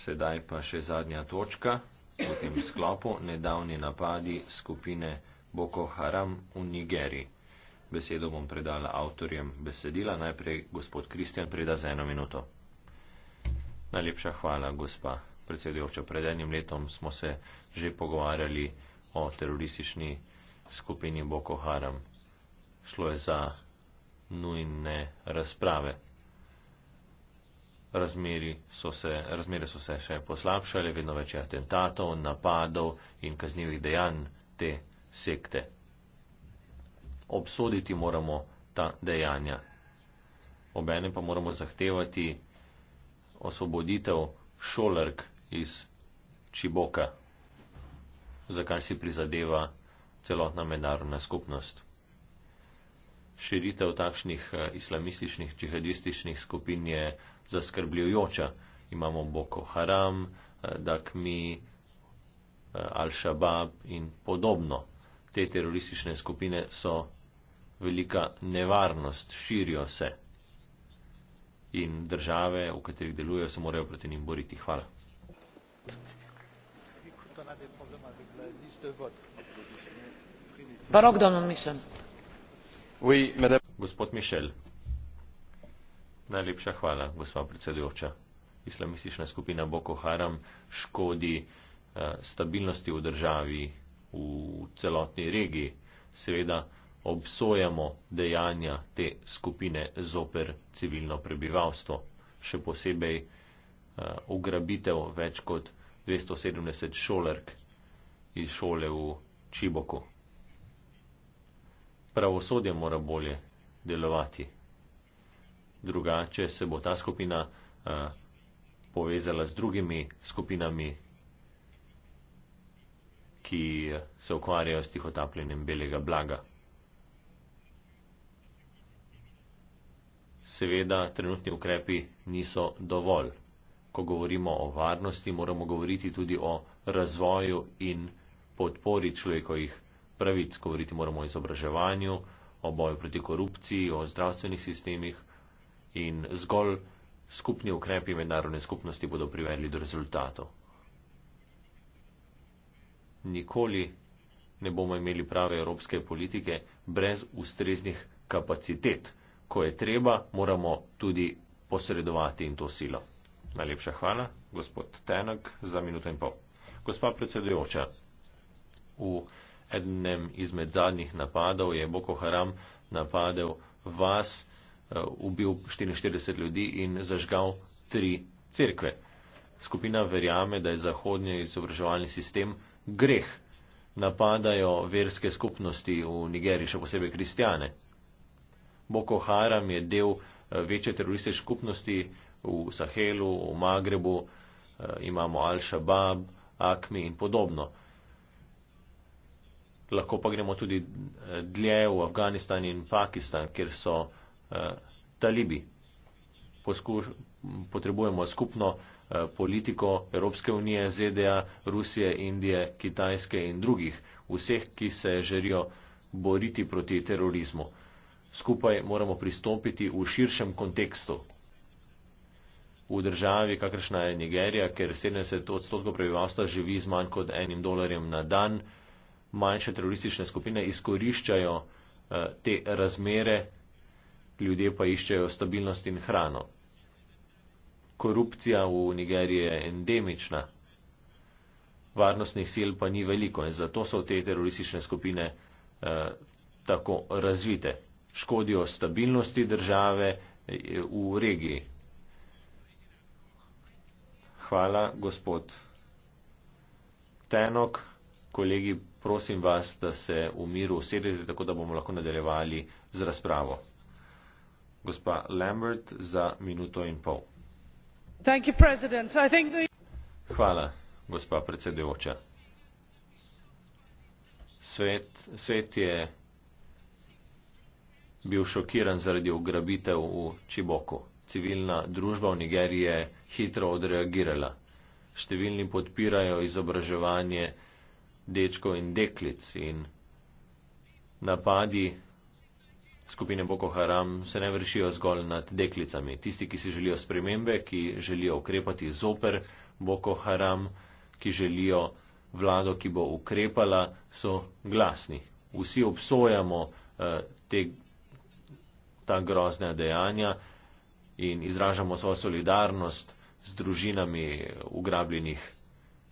Sedaj pa še zadnja točka v tem sklopu nedavni napadi skupine Boko Haram v Nigeriji. Besedo bom predala avtorjem besedila. Najprej gospod Kristjan preda za eno minuto. Najlepša hvala, gospa predsedujoča. Pred enim letom smo se že pogovarjali o teroristični skupini Boko Haram. Šlo je za nujne razprave so se, razmere so se še poslabšale, vedno več atentatov, napadov in kaznjivih dejanj te sekte. Obsoditi moramo ta dejanja. Obenem pa moramo zahtevati osvoboditev šolark iz Čiboka, za kar si prizadeva celotna mednarodna skupnost. Širitev takšnih eh, islamističnih, džihadističnih skupin je zaskrbljujoča. Imamo Boko Haram, eh, Dakmi, eh, Al-Shabaab in podobno. Te teroristične skupine so velika nevarnost, širijo se. In države, v katerih delujejo, se morajo proti njim boriti. Hvala. Barok Donald Mišel. Gospod Mišel. Najlepša hvala, gospa predsedujoča. Islamistična skupina Boko Haram škodi eh, stabilnosti v državi, v celotni regiji. Seveda obsojamo dejanja te skupine zoper civilno prebivalstvo, še posebej eh, ugrabitev več kot 270 šolark iz šole v Čiboku. Pravosodje mora bolje delovati drugače se bo ta skupina eh, povezala z drugimi skupinami, ki se ukvarjajo s tihotapljenjem belega blaga. Seveda, trenutni ukrepi niso dovolj. Ko govorimo o varnosti, moramo govoriti tudi o razvoju in podpori človekovih pravic. Govoriti moramo o izobraževanju, o boju proti korupciji, o zdravstvenih sistemih, in zgolj skupni ukrepi mednarodne skupnosti bodo privedli do rezultatov. Nikoli ne bomo imeli prave evropske politike brez ustreznih kapacitet. Ko je treba, moramo tudi posredovati in to silo. Najlepša hvala, gospod Tenak, za minuto in pol. Gospa predsedujoča, v enem izmed zadnjih napadov je Boko Haram napadel vas, Eh, ubil 44 ljudi in zažgal tri cerkve. Skupina verjame, da je zahodnji izobraževalni sistem greh. Napadajo verske skupnosti v Nigeriji, še posebej kristijane. Boko Haram je del eh, večje teroristične skupnosti v Sahelu, v Magrebu, eh, imamo Al-Shabaab, Akmi in podobno. Lahko pa gremo tudi dlje v Afganistan in Pakistan, kjer so Eh, talibi. Poskuš, potrebujemo skupno eh, politiko Evropske unije, ZDA, Rusije, Indije, Kitajske in drugih, vseh, ki se želijo boriti proti terorizmu. Skupaj moramo pristopiti v širšem kontekstu. V državi, kakršna je Nigerija, ker 70 odstotkov prebivalstva živi z manj kot enim dolarjem na dan, manjše teroristične skupine izkoriščajo eh, te razmere ljudje pa iščejo stabilnost in hrano. Korupcija v Nigeriji je endemična, varnostnih sil pa ni veliko in zato so te teroristične skupine eh, tako razvite. Škodijo stabilnosti države eh, v regiji. Hvala, gospod Tenok. Kolegi, prosim vas, da se v miru usedete, tako da bomo lahko nadaljevali z razpravo. Gospa Lambert za minuto in pol. Hvala, gospa predsedujoča. Svet, svet je bil šokiran zaradi ugrabitev v Čiboku. Civilna družba v Nigeriji je hitro odreagirala. Številni podpirajo izobraževanje dečkov in deklic in napadi skupine Boko Haram se ne vršijo zgolj nad deklicami. Tisti, ki si želijo spremembe, ki želijo ukrepati zoper Boko Haram, ki želijo vlado, ki bo ukrepala, so glasni. Vsi obsojamo eh, te, ta grozna dejanja in izražamo svojo solidarnost z družinami ugrabljenih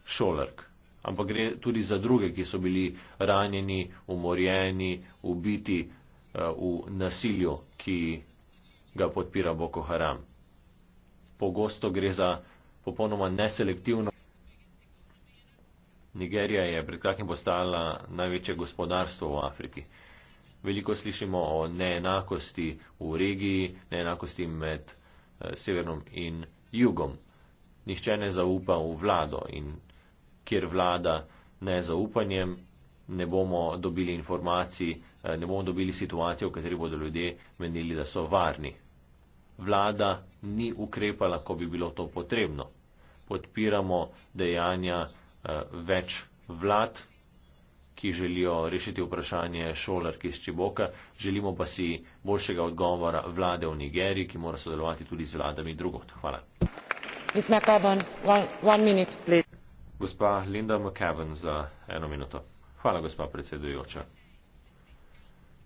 šolark. Ampak gre tudi za druge, ki so bili ranjeni, umorjeni, ubiti Eh, v nasilju, ki ga podpira Boko Haram. Pogosto gre za popolnoma neselektivno. Nigerija je pred kratkim postala največje gospodarstvo v Afriki. Veliko slišimo o neenakosti v regiji, neenakosti med eh, severnom in jugom. Nihče ne zaupa v vlado in kjer vlada ne zaupanjem, ne bomo dobili informacij, Eh, ne bomo dobili situacije, v kateri bodo ljudje menili, da so varni. Vlada ni ukrepala, ko bi bilo to potrebno. Podpiramo dejanja eh, več vlad, ki želijo rešiti vprašanje šolarki iz Čiboka. Želimo pa si boljšega odgovora vlade v Nigeriji, ki mora sodelovati tudi z vladami drugot. Hvala. Gospa Linda McCaven za eno minuto. Hvala, gospa predsedujoča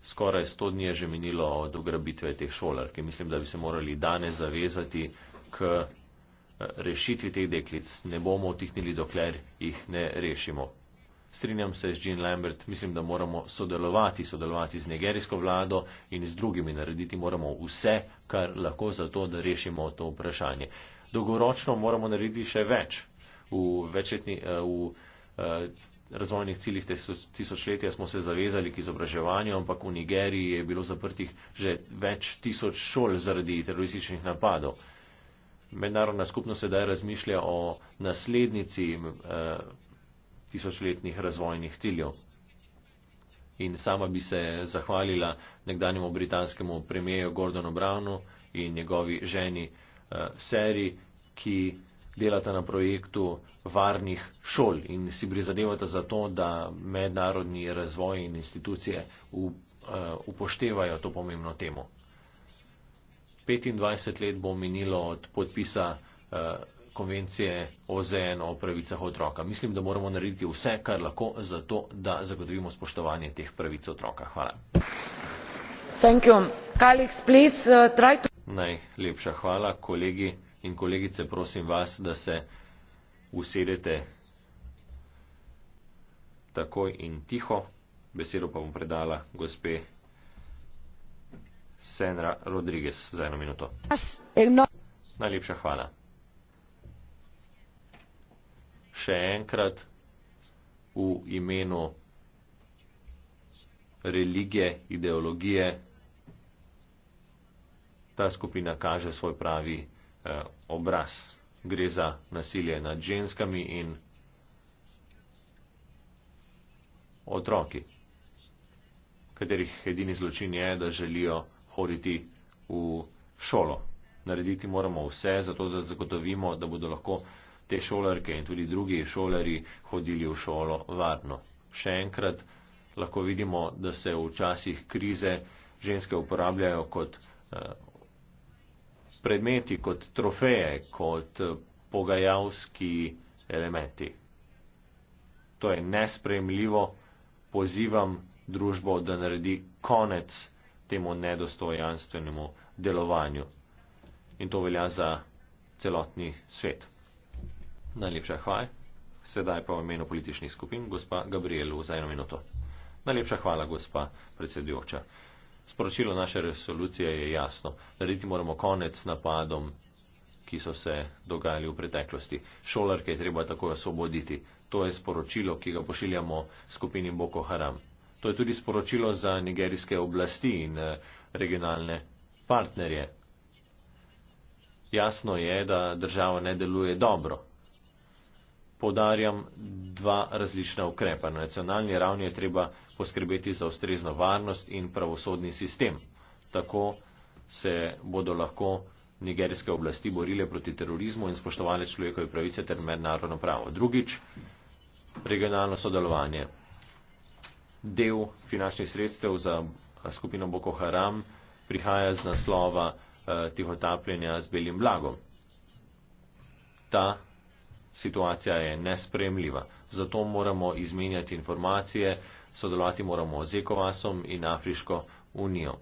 skoraj sto dni je že minilo od ugrabitve teh šolark. Mislim, da bi se morali danes zavezati k eh, rešitvi teh deklic. Ne bomo otihnili, dokler jih ne rešimo. Strinjam se z Jean Lambert, mislim, da moramo sodelovati, sodelovati z nigerijsko vlado in z drugimi, narediti moramo vse, kar lahko za to, da rešimo to vprašanje. Dolgoročno moramo narediti še več. V večletni, eh, v, eh, razvojnih ciljih tisočletja smo se zavezali k izobraževanju, ampak v Nigeriji je bilo zaprtih že več tisoč šol zaradi terorističnih napadov. Mednarodna skupnost sedaj razmišlja o naslednici eh, tisočletnih razvojnih ciljev. In sama bi se zahvalila nekdanjemu britanskemu premijeju Gordonu Brownu in njegovi ženi eh, Seri, ki delata na projektu varnih šol in si prizadevata za to, da mednarodni razvoj in institucije eh, upoštevajo to pomembno temo. 25 let bo minilo od podpisa eh, konvencije OZN o pravicah otroka. Mislim, da moramo narediti vse, kar lahko, za to, da zagotovimo spoštovanje teh pravic otroka. Hvala. Uh, Najlepša hvala, kolegi in kolegice, prosim vas, da se usedete takoj in tiho. Besedo pa bom predala gospe Senra Rodriguez za eno minuto. Najlepša hvala. Še enkrat v imenu religije, ideologije, ta skupina kaže svoj pravi eh, obraz. Gre za nasilje nad ženskami in otroki, katerih edini zločin je, da želijo hoditi v šolo. Narediti moramo vse, zato da zagotovimo, da bodo lahko te šolarke in tudi drugi šolari hodili v šolo varno. Še enkrat lahko vidimo, da se v časih krize ženske uporabljajo kot eh, predmeti, kot trofeje, kot eh, pogajalski elementi. To je nespremljivo. Pozivam družbo, da naredi konec temu nedostojanstvenemu delovanju. In to velja za celotni svet. Najlepša hvala. Sedaj pa v imenu političnih skupin, gospa Gabrielu, za eno minuto. Najlepša hvala, gospa predsedujoča. Sporočilo naše resolucije je jasno. Narediti moramo konec napadom, ki so se dogajali v preteklosti. Šolarke je treba takoj osvoboditi. To je sporočilo, ki ga pošiljamo skupini Boko Haram. To je tudi sporočilo za nigerijske oblasti in eh, regionalne partnerje. Jasno je, da država ne deluje dobro podarjam dva različna ukrepa. Na nacionalni ravni je treba poskrbeti za ustrezno varnost in pravosodni sistem. Tako se bodo lahko nigerijske oblasti borile proti terorizmu in spoštovale človekove pravice ter mednarodno pravo. Drugič, regionalno sodelovanje. Del finančnih sredstev za skupino Boko Haram prihaja z naslova eh, tihotapljenja z belim blagom. Ta situacija je nespremljiva. Zato moramo izmenjati informacije, sodelovati moramo z ECOWASom in Afriško unijo.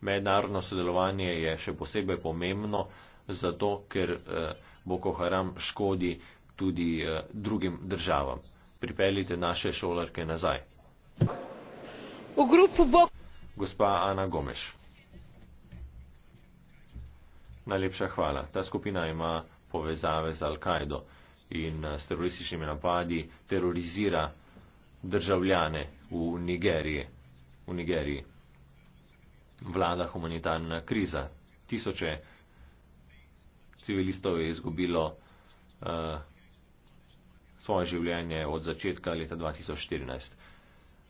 Mednarodno sodelovanje je še posebej pomembno, zato ker eh, Boko Haram škodi tudi eh, drugim državam. Pripeljite naše šolarke nazaj. Bo... Gospa Ana Gomeš. Najlepša hvala. Ta skupina ima povezave z Al-Kaido in eh, s terorističnimi napadi terorizira državljane v Nigeriji. V Nigeriji vlada humanitarna kriza. Tisoče civilistov je izgubilo uh, svoje življenje od začetka leta 2014.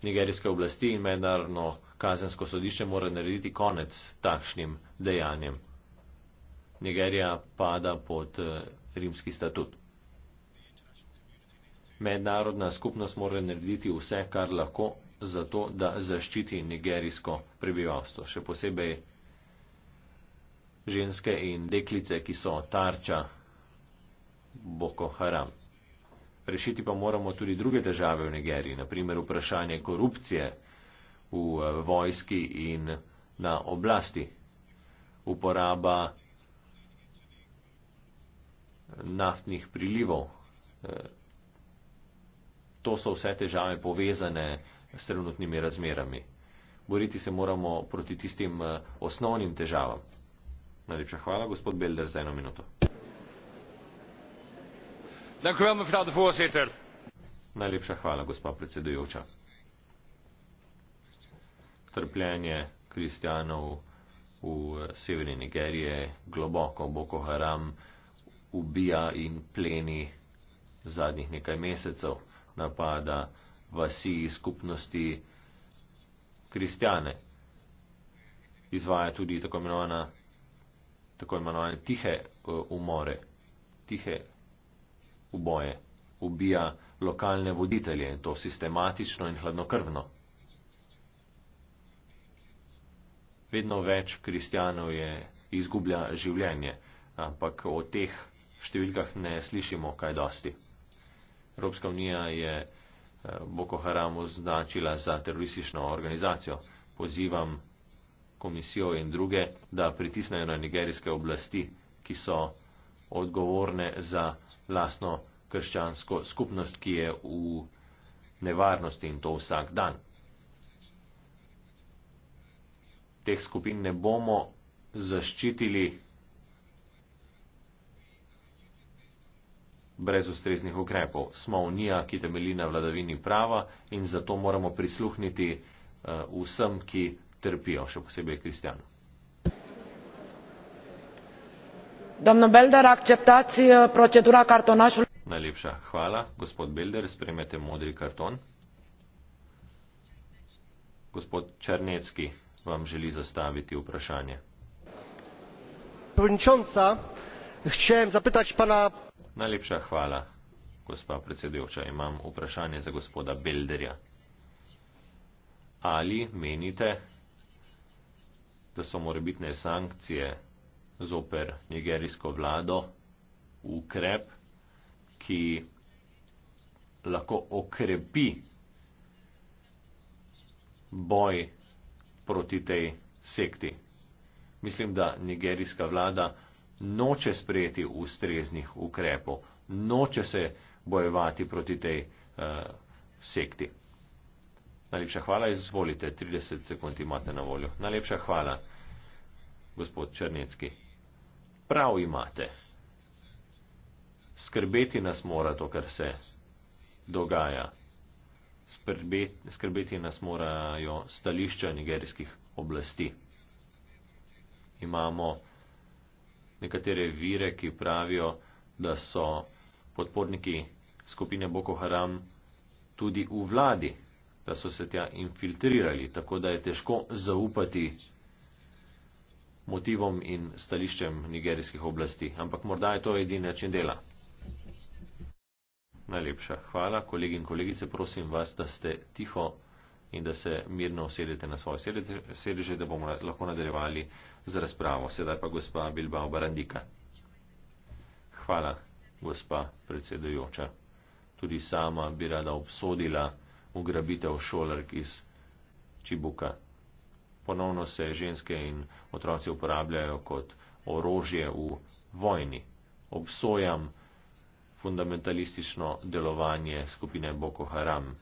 Nigerijske oblasti in mednarodno kazensko sodišče mora narediti konec takšnim dejanjem. Nigerija pada pod eh, rimski statut. Mednarodna skupnost mora narediti vse, kar lahko, zato da zaščiti nigerijsko prebivalstvo, še posebej ženske in deklice, ki so tarča Boko Haram. Rešiti pa moramo tudi druge države v Nigeriji, naprimer vprašanje korupcije v eh, vojski in na oblasti, uporaba naftnih prilivov. Eh, to so vse težave povezane s trenutnimi razmerami. Boriti se moramo proti tistim eh, osnovnim težavam. Najlepša hvala, gospod Belder, za eno minuto. Najlepša hvala, gospa predsedujoča. Trpljenje kristjanov v eh, severni Nigerije, globoko Boko Haram, ubija in pleni zadnjih nekaj mesecev, napada vasi skupnosti kristjane. Izvaja tudi tako imenovane, tako imenovane tihe eh, umore, tihe uboje. Ubija lokalne voditelje in to sistematično in hladnokrvno. Vedno več kristjanov je izgublja življenje, ampak o teh številkah ne slišimo kaj dosti. Evropska unija je eh, Boko Haram označila za teroristično organizacijo. Pozivam komisijo in druge, da pritisnejo na nigerijske oblasti, ki so odgovorne za lasno krščansko skupnost, ki je v nevarnosti in to vsak dan. Teh skupin ne bomo zaščitili brez ustreznih ukrepov. Smo unija, ki temelji na vladavini prava in zato moramo prisluhniti eh, vsem, ki trpijo, še posebej kristjanom. Domno Belder, akceptacija eh, procedura kartonašu. Najlepša hvala. Gospod Belder, spremete modri karton. Gospod Črnecki vam želi zastaviti vprašanje. Prvničonca, chciałem zapytać pana najlepsza chwała gospa predsedujoča imam vprašanje za gospoda Belderja ali menite da so morebitne sankcije zoper nigerijsko vlado ukrep ki lahko okrepi boj proti tej sekti. Mislim, da nigerijska vlada noče sprejeti ustreznih ukrepov, noče se bojevati proti tej uh, sekti. Najlepša hvala, izvolite, 30 sekund imate na voljo. Najlepša hvala, gospod Črnecki. Prav imate. Skrbeti nas mora to, kar se dogaja. Skrbeti, skrbeti nas morajo stališča nigerskih oblasti. Imamo nekatere vire, ki pravijo, da so podporniki skupine Boko Haram tudi v vladi, da so se tja infiltrirali, tako da je težko zaupati motivom in stališčem nigerijskih oblasti. Ampak morda je to edini način dela. Najlepša hvala, kolegi in kolegice, prosim vas, da ste tiho in da se mirno usedete na svoje sedeže, da bomo lahko nadaljevali z razpravo. Sedaj pa gospa Bilbao Barandika. Hvala, gospa predsedujoča. Tudi sama bi rada obsodila ugrabitev šolark iz Čibuka. Ponovno se ženske in otroci uporabljajo kot orožje v vojni. Obsojam fundamentalistično delovanje skupine Boko Haram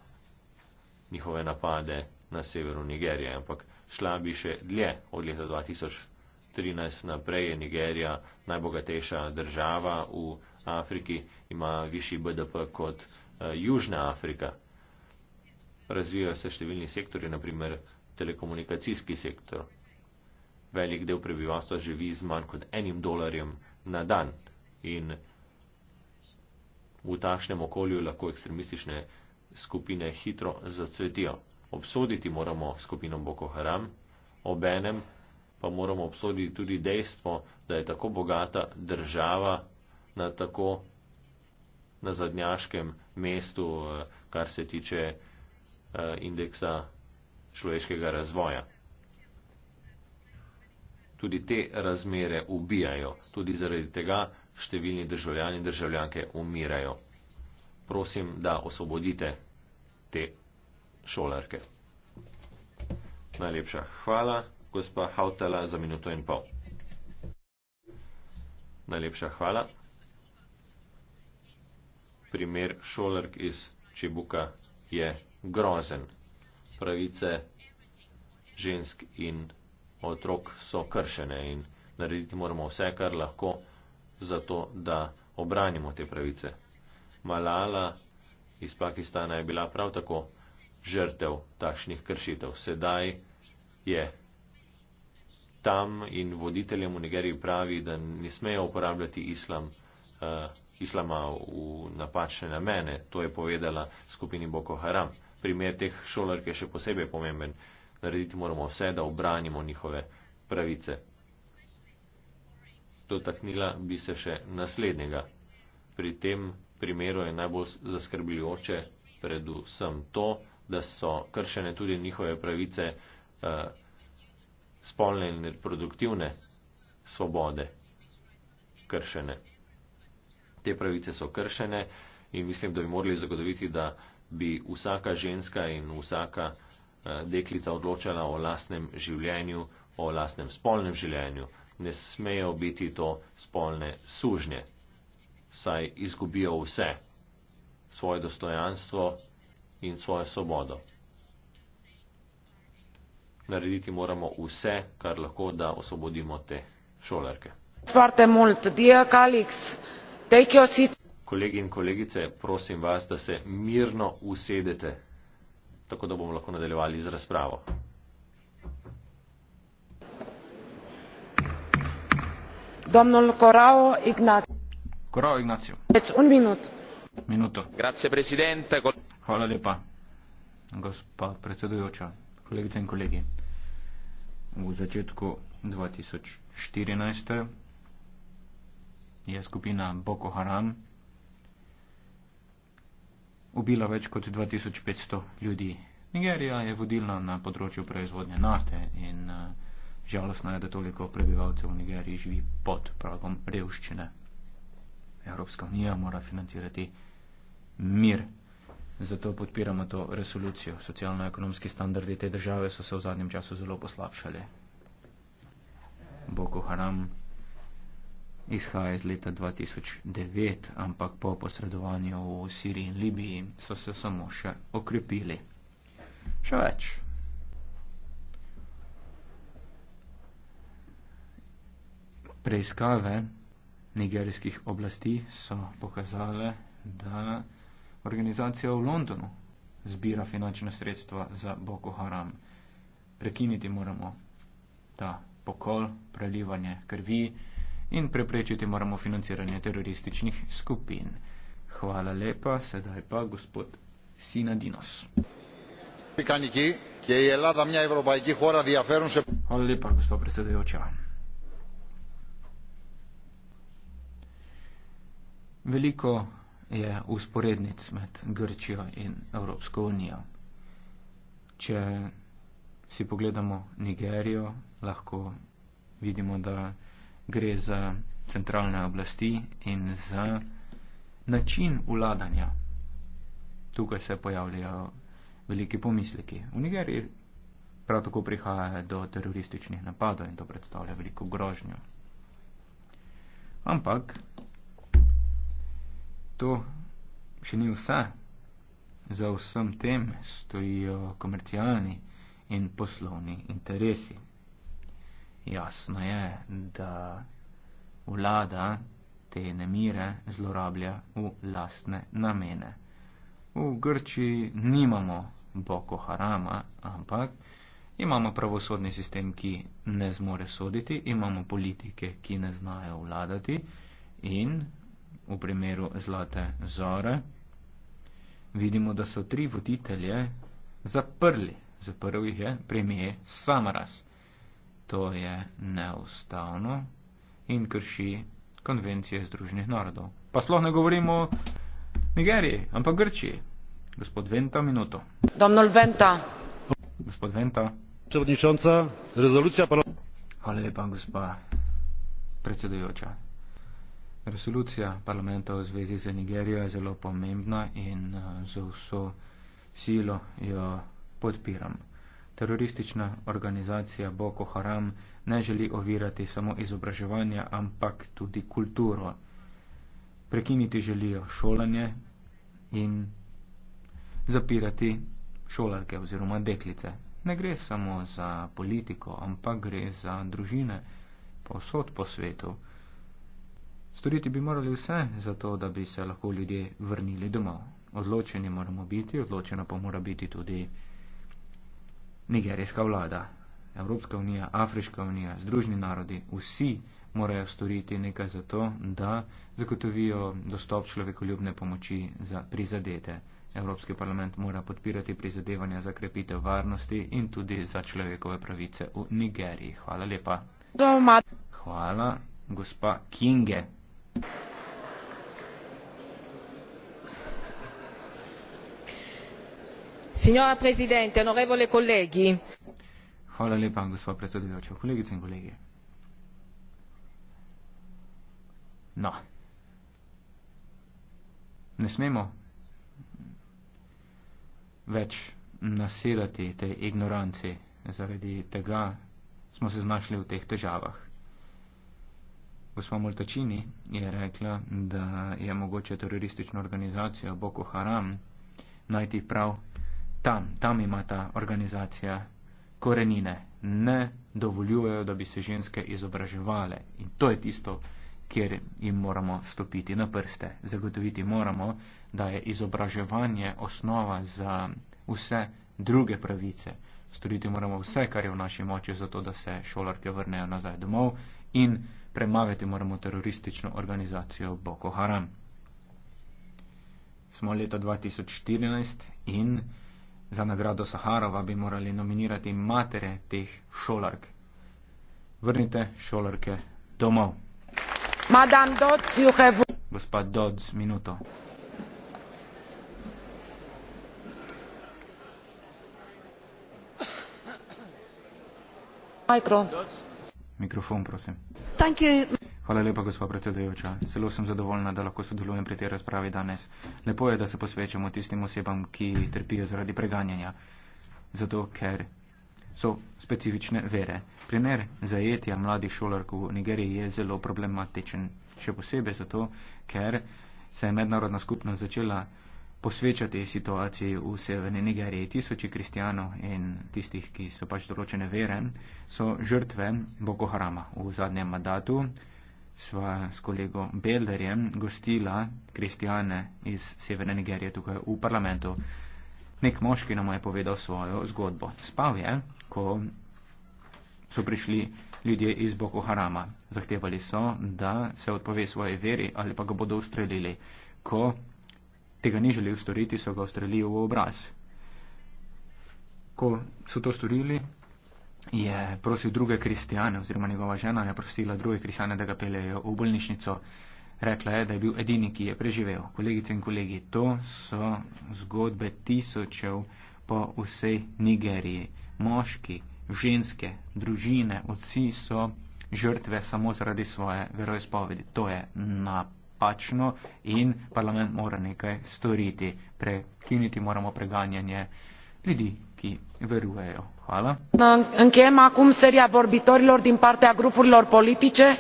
njihove napade na severu Nigerije, ampak šla bi še dlje od leta 2013 naprej je Nigerija najbogatejša država v Afriki, ima višji BDP kot uh, Južna Afrika. Razvijajo se številni sektori, naprimer telekomunikacijski sektor. Velik del prebivalstva živi z manj kot enim dolarjem na dan in v takšnem okolju lahko ekstremistične skupine hitro zacvetijo. Obsoditi moramo skupino Boko Haram, obenem pa moramo obsoditi tudi dejstvo, da je tako bogata država na tako na zadnjaškem mestu, eh, kar se tiče eh, indeksa človeškega razvoja. Tudi te razmere ubijajo, tudi zaradi tega številni državljani in državljanke umirajo prosim, da osvobodite te šolarke. Najlepša hvala, gospa Hautala, za minuto in pol. Najlepša hvala. Primer šolark iz Čebuka je grozen. Pravice žensk in otrok so kršene in narediti moramo vse, kar lahko, zato da obranimo te pravice. Malala iz Pakistana je bila prav tako žrtev takšnih kršitev. Sedaj je tam in voditeljem v Nigeriji pravi, da ne smejo uporabljati islam, uh, islama v napačne namene. To je povedala skupini Boko Haram. Primer teh šolark je še posebej pomemben. Narediti moramo vse, da obranimo njihove pravice. Dotaknila bi se še naslednjega. Pri tem primeru je najbolj zaskrbljujoče predvsem to, da so kršene tudi njihove pravice eh, spolne in reproduktivne svobode kršene. Te pravice so kršene in mislim, da bi morali zagotoviti, da bi vsaka ženska in vsaka eh, deklica odločala o lastnem življenju, o lastnem spolnem življenju. Ne smejo biti to spolne sužnje saj izgubijo vse, svoje dostojanstvo in svojo svobodo. Narediti moramo vse, kar lahko, da osvobodimo te šolarke. Kolegi in kolegice, prosim vas, da se mirno usedete, tako da bomo lahko nadaljevali z razpravo. Domnul Korao Ignat signor presidente gospa predsedujoča kolegice in kolegi v začetku dva tisoč štirinajst je skupina boko haram ubila več kot dva tisoč petsto ljudi nigerija je vodilna na področju proizvodnje nafte in eh, žalostno je da toliko prebivalcev v nigeriji živi pod pragom revščine Evropska unija mora financirati mir. Zato podpiramo to resolucijo. Socialno-ekonomski standardi te države so se v zadnjem času zelo poslabšali. Boko Haram izhaja iz leta 2009, ampak po posredovanju v Siriji in Libiji so se samo še okrepili. Še več. Preiskave nigerijskih oblasti so pokazale, da organizacija v Londonu zbira finančna sredstva za Boko Haram. Prekiniti moramo ta pokol, prelivanje krvi in preprečiti moramo financiranje terorističnih skupin. Hvala lepa, sedaj pa gospod Sinadinos. Hvala lepa, gospod predsedujoča. Veliko je usporednic med Grčijo in Evropsko unijo. Če si pogledamo Nigerijo, lahko vidimo, da gre za centralne oblasti in za način vladanja. Tukaj se pojavljajo veliki pomisleki. V Nigeriji prav tako prihaja do terorističnih napadov in to predstavlja veliko grožnjo. Ampak to še ni vse. Za vsem tem stojijo komercialni in poslovni interesi. Jasno je, da vlada te nemire zlorablja v lastne namene. V Grčiji nimamo Boko Harama, ampak imamo pravosodni sistem, ki ne zmore soditi, imamo politike, ki ne znajo vladati in v primeru Zlate zore, vidimo, da so tri voditelje zaprli. Zaprl jih je premije Samaras. To je neustavno in krši konvencije Združenih narodov. Pa sploh ne govorimo o Nigeriji, ampak Grčiji. Gospod Venta, minuto. Venta. Gospod Venta. Predsednica, rezolucija pa. Hvala lepa, gospa predsedujoča. Resolucija parlamenta v zvezi z Nigerijo je zelo pomembna in eh, z vso silo jo podpiram. Teroristična organizacija Boko Haram ne želi ovirati samo izobraževanja, ampak tudi kulturo. Prekiniti želijo šolanje in zapirati šolarke oziroma deklice. Ne gre samo za politiko, ampak gre za družine posod po svetu. Storiti bi morali vse za to, da bi se lahko ljudje vrnili domov. Odločeni moramo biti, odločena pa mora biti tudi nigerijska vlada, Evropska unija, Afriška unija, Združni narodi, vsi morajo storiti nekaj za to, da zagotovijo dostop človekoljubne pomoči za prizadete. Evropski parlament mora podpirati prizadevanja za krepitev varnosti in tudi za človekove pravice v Nigeriji. Hvala lepa. Doma. Hvala, gospa Kinge signora presidente onorevoli colleghi hvala lepa gospa predsedujoča kolegice in kolegi no ne smemo več nasedati tej ignoranci zaradi tega smo se znašli v teh težavah Gospa Multačini je rekla, da je mogoče teroristično organizacijo Boko Haram najti prav tam. Tam ima ta organizacija korenine. Ne dovoljujejo, da bi se ženske izobraževale. In to je tisto, kjer jim moramo stopiti na prste. Zagotoviti moramo, da je izobraževanje osnova za vse druge pravice. Storiti moramo vse, kar je v naši moči, zato da se šolarke vrnejo nazaj domov in premagati moramo teroristično organizacijo Boko Haram. Smo leta 2014 in za nagrado Saharova bi morali nominirati matere teh šolark. Vrnite šolarke domov. Madame Dodds, you have... Gospa Dodds, minuto. Micro. Dodds. Mikrofon, prosim. Hvala lepa, gospod predsedujoča. Zelo sem zadovoljna, da lahko sodelujem pri tej razpravi danes. Lepo je, da se posvečamo tistim osebam, ki trpijo zaradi preganjanja, zato ker so specifične vere. Primer zajetja mladih šolark v Nigeriji je zelo problematičen, še posebej zato, ker se je mednarodna skupnost začela posveča tej situaciji v Severni Nigeriji. Tisoči kristijanov in tistih, ki so pač določene vere, so žrtve Boko Harama. V zadnjem mandatu sva s kolego Belderjem gostila kristijane iz Severne Nigerije tukaj v parlamentu. Nek moški nam je povedal svojo zgodbo. Spal je, ko so prišli ljudje iz Boko Harama. Zahtevali so, da se odpove svoje veri ali pa ga bodo ustrelili. Ko tega ni želel storiti, so ga ustrelili v obraz. Ko so to storili, je prosil druge kristijane, oziroma njegova žena je prosila druge kristijane, da ga peljejo v bolnišnico. Rekla je, da je bil edini, ki je preživel. Kolegice in kolegi, to so zgodbe tisočev po vsej Nigeriji. Moški, ženske, družine, vsi so žrtve samo zaradi svoje veroizpovedi. To je napad napačno in parlament mora nekaj storiti. Prekiniti moramo preganjanje ljudi, ki verujejo. Hvala. Enkejem akum serija vorbitorilor din partea grupurilor politice.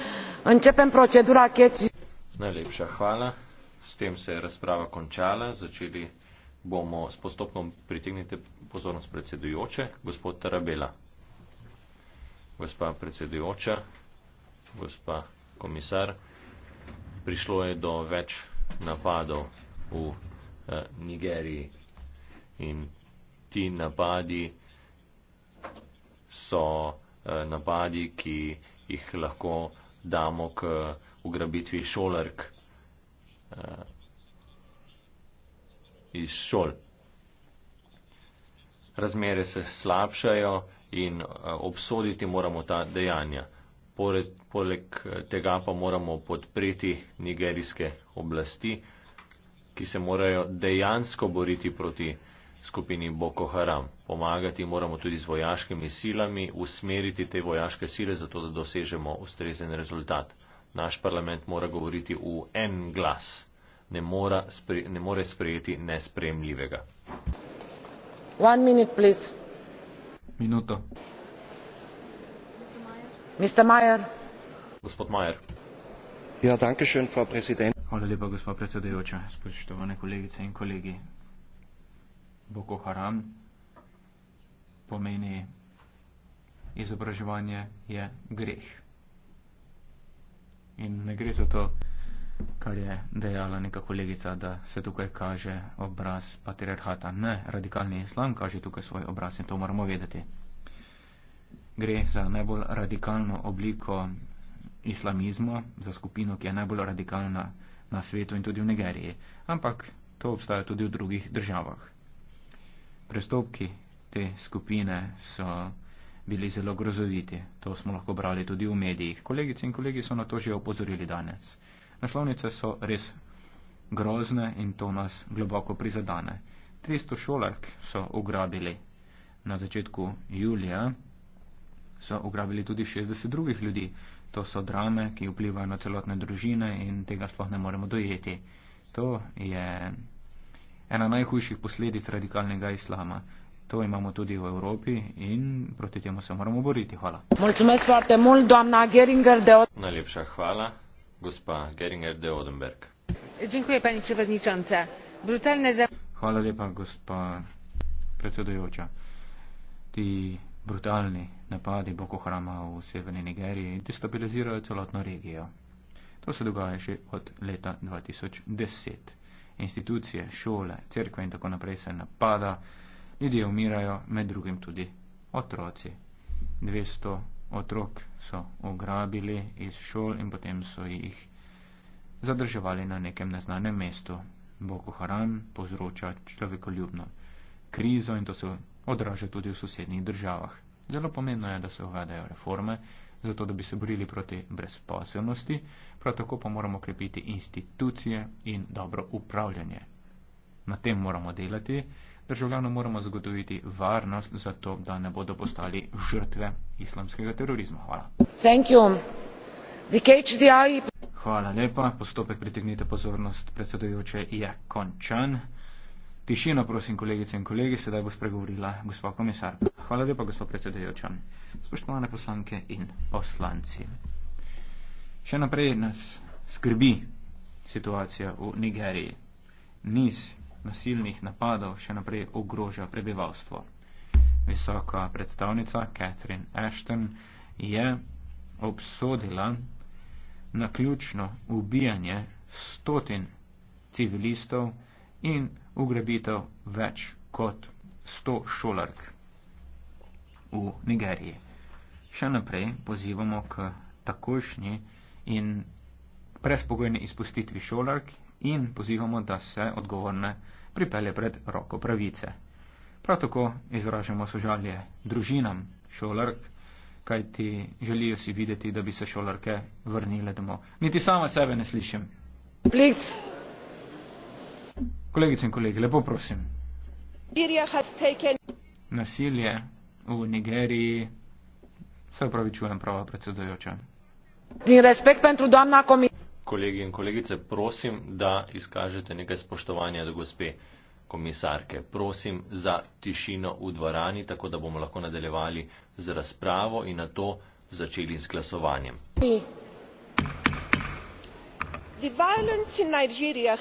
Enčepem procedura keči. Najlepša hvala. S tem se je razprava končala. Začeli bomo s postopkom pritegnite pozornost predsedujoče, gospod Tarabela. Gospa predsedujoča, gospa komisar prišlo je do več napadov v eh, Nigeriji. In ti napadi so eh, napadi, ki jih lahko damo k eh, ugrabitvi šolark eh, iz šol. Razmere se slabšajo in eh, obsoditi moramo ta dejanja. Pored, poleg eh, tega pa moramo podpreti nigerijske oblasti, ki se morajo dejansko boriti proti skupini Boko Haram. Pomagati moramo tudi z vojaškimi silami, usmeriti te vojaške sile, zato da dosežemo ustrezen rezultat. Naš parlament mora govoriti v en glas, ne, mora, ne more sprejeti nespremljivega. Minuto. Ja, gospa predsedujoča spoštovane kolegice in kolegi boko haram pomeni izobraževanje je greh in ne gre za to kar je dejala neka kolegica da se tukaj kaže obraz patriarhata ne radikalni islam kaže tukaj svoj obraz in to moramo vedeti gre za najbolj radikalno obliko islamizma, za skupino, ki je najbolj radikalna na svetu in tudi v Nigeriji. Ampak to obstaja tudi v drugih državah. Prestopki te skupine so bili zelo grozoviti. To smo lahko brali tudi v medijih. Kolegice in kolegi so na to že opozorili danes. Naslovnice so res grozne in to nas globoko prizadane. 300 šolark so ugrabili na začetku julija so ugrabili tudi 60 drugih ljudi. To so drame, ki vplivajo na celotne družine in tega sploh ne moremo dojeti. To je ena najhujših posledic radikalnega islama. To imamo tudi v Evropi in proti temu se moramo boriti. Hvala. Najlepša hvala, gospa Geringer de Odenberg. Hvala lepa, gospa predsedujoča. Ti brutalni napadi Boko Harama v severni Nigeriji destabilizirajo celotno regijo. To se dogaja že od leta 2010. Institucije, šole, cerkve in tako naprej se napada, ljudje umirajo, med drugim tudi otroci. 200 otrok so ugrabili iz šol in potem so jih zadrževali na nekem neznanem mestu. Boko Haram povzroča človekoljubno krizo in to so odraža tudi v sosednjih državah. Zelo pomembno je, da se uvedajo reforme, zato da bi se borili proti brezposelnosti, prav tako pa moramo krepiti institucije in dobro upravljanje. Na tem moramo delati, državljanom moramo zagotoviti varnost, zato da ne bodo postali žrtve islamskega terorizma. Hvala. Hvala lepa. Postopek pritegnite pozornost predsedujoče je končan. Tišino prosim, kolegice in kolegi, sedaj bo spregovorila gospa komisarka. Hvala lepa, gospod predsedujoča. Spoštovane poslanke in poslanci. Še naprej nas skrbi situacija v Nigeriji. Niz nasilnih napadov še naprej ogroža prebivalstvo. Visoka predstavnica Catherine Ashton je obsodila naključno ubijanje stotin civilistov, in ugrabitev več kot 100 šolark v Nigeriji. Še naprej pozivamo k takošnji in prespogojni izpustitvi šolark in pozivamo, da se odgovorne pripelje pred roko pravice. Prav tako izražamo sožalje družinam šolark, kajti želijo si videti, da bi se šolarke vrnile domov. Niti sama sebe ne slišim. Please. Kolegice in kolegi, lepo prosim. Taken... Nasilje v Nigeriji. Se pravi, čujem prava predsedojoča. Kolegi in kolegice, prosim, da izkažete nekaj spoštovanja do gospe komisarke. Prosim za tišino v dvorani, tako da bomo lahko nadaljevali z razpravo in na to začeli z glasovanjem. The violence in Nigeria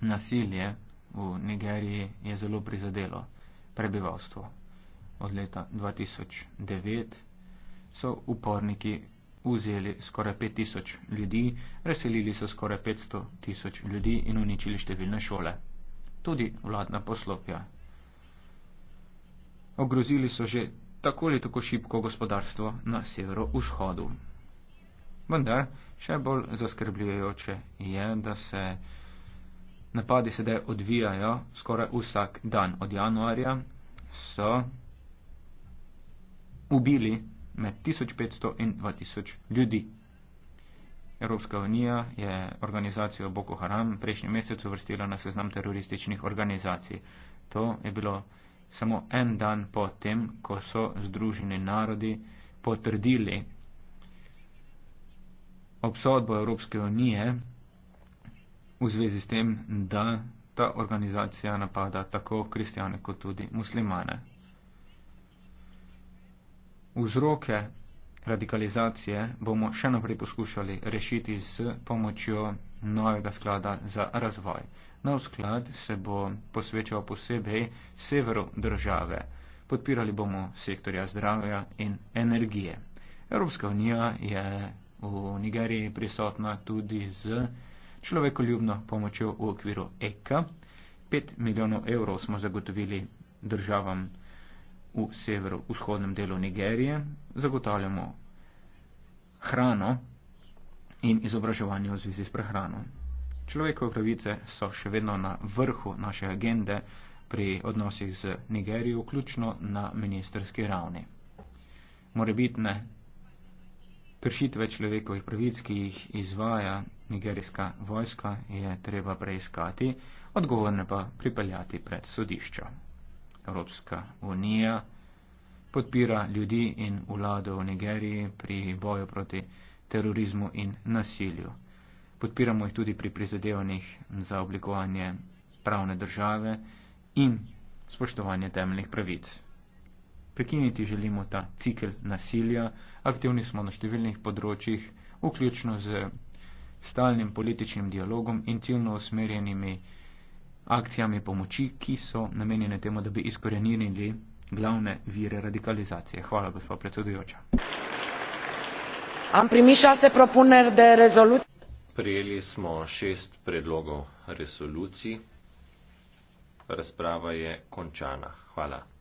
nasilje v Nigeriji je zelo prizadelo prebivalstvo. Od leta 2009 so uporniki vzeli skoraj 5000 ljudi, razselili so skoraj 500 tisoč ljudi in uničili številne šole, tudi vladna poslopja. Ogrozili so že tako ali tako šibko gospodarstvo na severo-vzhodu. Vendar še bolj zaskrbljujoče je, da se Napadi se zdaj odvijajo skoraj vsak dan. Od januarja so ubili med 1500 in 2000 ljudi. Evropska unija je organizacijo Boko Haram prejšnji mesec uvrstila na seznam terorističnih organizacij. To je bilo samo en dan po tem, ko so Združeni narodi potrdili obsodbo Evropske unije v zvezi s tem, da ta organizacija napada tako kristjane kot tudi muslimane. Vzroke radikalizacije bomo še naprej poskušali rešiti s pomočjo novega sklada za razvoj. Nov sklad se bo posvečal posebej severu države. Podpirali bomo sektorja zdravja in energije. Evropska unija je v Nigeriji prisotna tudi z človekoljubno pomočjo v okviru EK. 5 milijonov evrov smo zagotovili državam v severovzhodnem delu Nigerije. Zagotavljamo hrano in izobraževanje v zvezi s prehrano. Človekove pravice so še vedno na vrhu naše agende pri odnosih z Nigerijo, vključno na ministerski ravni. Morebitne kršitve človekovih pravic, ki jih izvaja nigerijska vojska je treba preiskati, odgovorne pa pripeljati pred sodišča. Evropska unija podpira ljudi in vlado v Nigeriji pri boju proti terorizmu in nasilju. Podpiramo jih tudi pri prizadevanjih za oblikovanje pravne države in spoštovanje temeljnih pravic. Prekiniti želimo ta cikl nasilja, aktivni smo na številnih področjih, vključno z stalnim političnim dialogom in ciljno usmerjenimi akcijami pomoči, ki so namenjene temu, da bi izkorenili glavne vire radikalizacije. Hvala, gospod predsedujoča. Prijeli smo šest predlogov resolucij. Razprava je končana. Hvala.